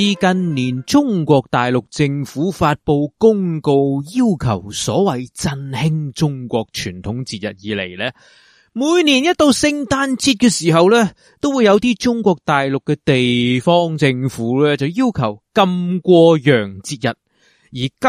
自近年中國大陸政府發佈公告，要求所謂振興中國傳統節日以嚟咧，每年一到聖誕節嘅時候咧，都會有啲中國大陸嘅地方政府咧，就要求禁過洋節日。而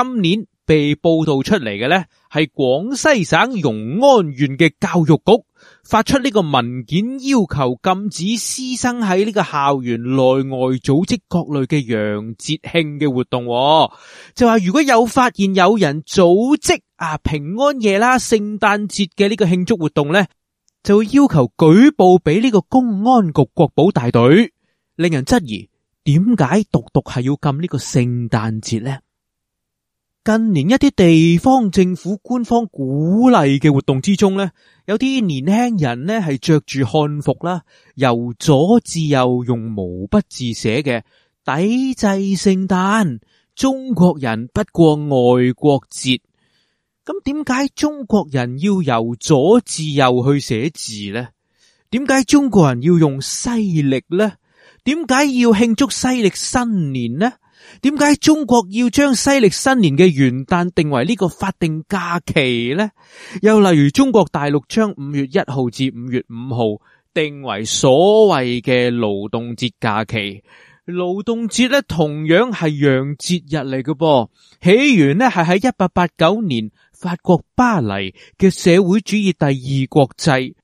今年被報道出嚟嘅咧，係廣西省融安縣嘅教育局。發出呢個文件，要求禁止師生喺呢個校園內外組織各類嘅洋節慶嘅活動喎。就話如果有發現有人組織啊平安夜啦、聖誕節嘅呢個慶祝活動呢，就會要求舉報俾呢個公安局國保大隊。令人質疑，點解獨獨係要禁呢個聖誕節呢？近年一啲地方政府官方鼓勵嘅活動之中呢，有啲年輕人呢係着住漢服啦，由左至右用毛筆字寫嘅，抵制聖誕。中國人不過外國節，咁點解中國人要由左至右去寫字呢？點解中國人要用西曆呢？點解要慶祝西曆新年呢？點解中國要將西曆新年嘅元旦定為呢個法定假期呢？又例如中國大陸將五月一號至五月五號定為所謂嘅勞動節假期。勞動節咧同樣係洋節日嚟嘅噃，起源咧係喺一八八九年法國巴黎嘅社會主義第二國際。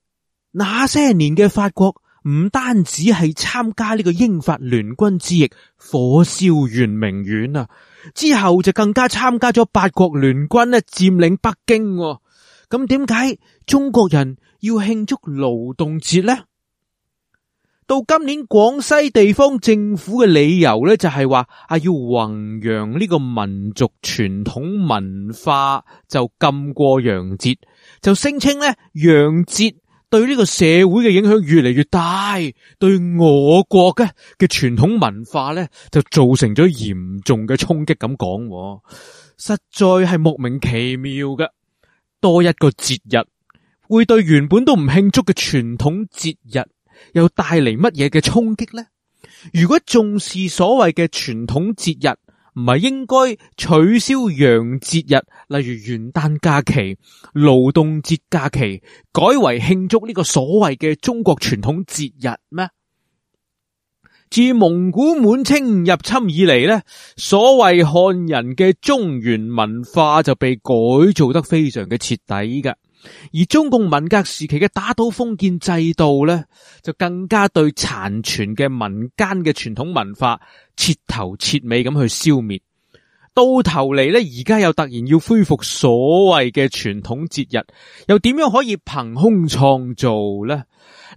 那些年嘅法國。唔單止係參加呢個英法聯軍之役，火燒圓明園啊，之後就更加參加咗八國聯軍咧佔領北京啊。咁點解中國人要慶祝勞動節呢？到今年廣西地方政府嘅理由咧就係話啊，要弘揚呢個民族傳統文化，就禁過洋節，就聲稱呢洋節。對呢個社會嘅影響越嚟越大，對我國嘅嘅傳統文化咧就造成咗嚴重嘅衝擊。咁講實在係莫名其妙㗎，多一個節日會對原本都唔慶祝嘅傳統節日又帶嚟乜嘢嘅衝擊咧？如果重視所謂嘅傳統節日？唔係應該取消洋節日，例如元旦假期、勞動節假期，改為慶祝呢個所謂嘅中國傳統節日咩？自蒙古滿清入侵以嚟，呢所謂漢人嘅中原文化就被改造得非常嘅徹底㗎。而中共文革時期嘅打倒封建制度呢，就更加對殘存嘅民間嘅傳統文化徹頭徹尾咁去消滅。到頭嚟呢，而家又突然要恢復所謂嘅傳統節日，又點樣可以憑空創造呢？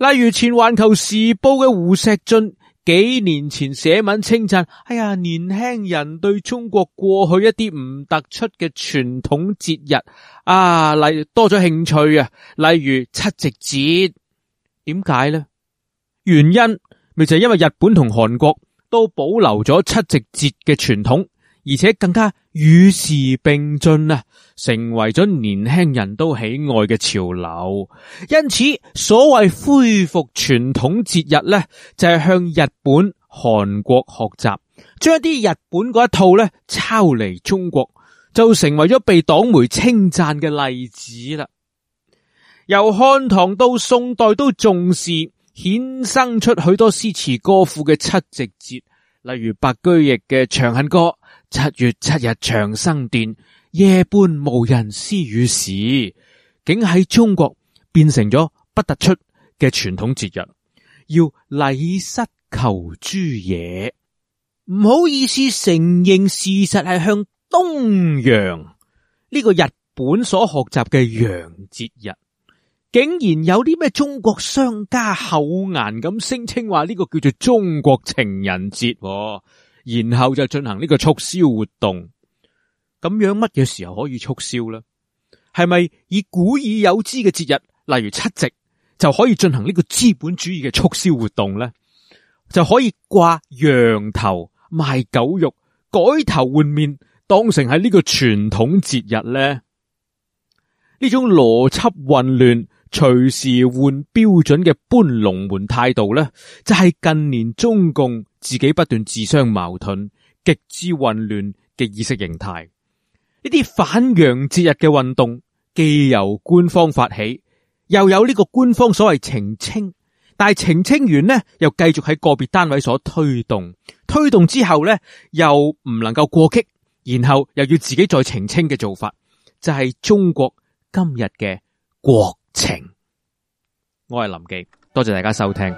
例如前《環球時報》嘅胡錫進。幾年前寫文稱讚，哎呀，年輕人對中國過去一啲唔突出嘅傳統節日啊，例多咗興趣啊，例如七夕節，點解呢？原因咪就係因為日本同韓國都保留咗七夕節嘅傳統，而且更加。與時並進啊，成為咗年輕人都喜愛嘅潮流。因此，所謂恢復傳統節日咧，就係、是、向日本、韓國學習，將啲日本嗰一套咧抄嚟中國，就成為咗被黨媒稱讚嘅例子啦。由漢唐到宋代都重視，衍生出許多詩詞歌賦嘅七夕節，例如白居易嘅《長恨歌》。七月七日長生殿，夜半無人私語時，竟喺中國變成咗不突出嘅傳統節日，要禮失求諸野，唔好意思，承認事實係向東洋呢個日本所學習嘅洋節日，竟然有啲咩中國商家厚顏咁聲稱話呢個叫做中國情人節喎。然後就進行呢個促銷活動，咁樣乜嘢時候可以促銷咧？係咪以古已有之嘅節日，例如七夕，就可以進行呢個資本主義嘅促銷活動咧？就可以掛羊頭賣狗肉，改頭換面，當成係呢個傳統節日咧？呢種邏輯混亂，隨時換標準嘅搬龍門態度呢就係近年中共自己不斷自相矛盾、極之混亂嘅意識形態。呢啲反洋節日嘅運動，既由官方發起，又有呢個官方所謂澄清，但係澄清完呢，又繼續喺個別單位所推動，推動之後呢，又唔能夠過激，然後又要自己再澄清嘅做法，就係中國今日嘅國情，我係林忌，多謝大家收聽。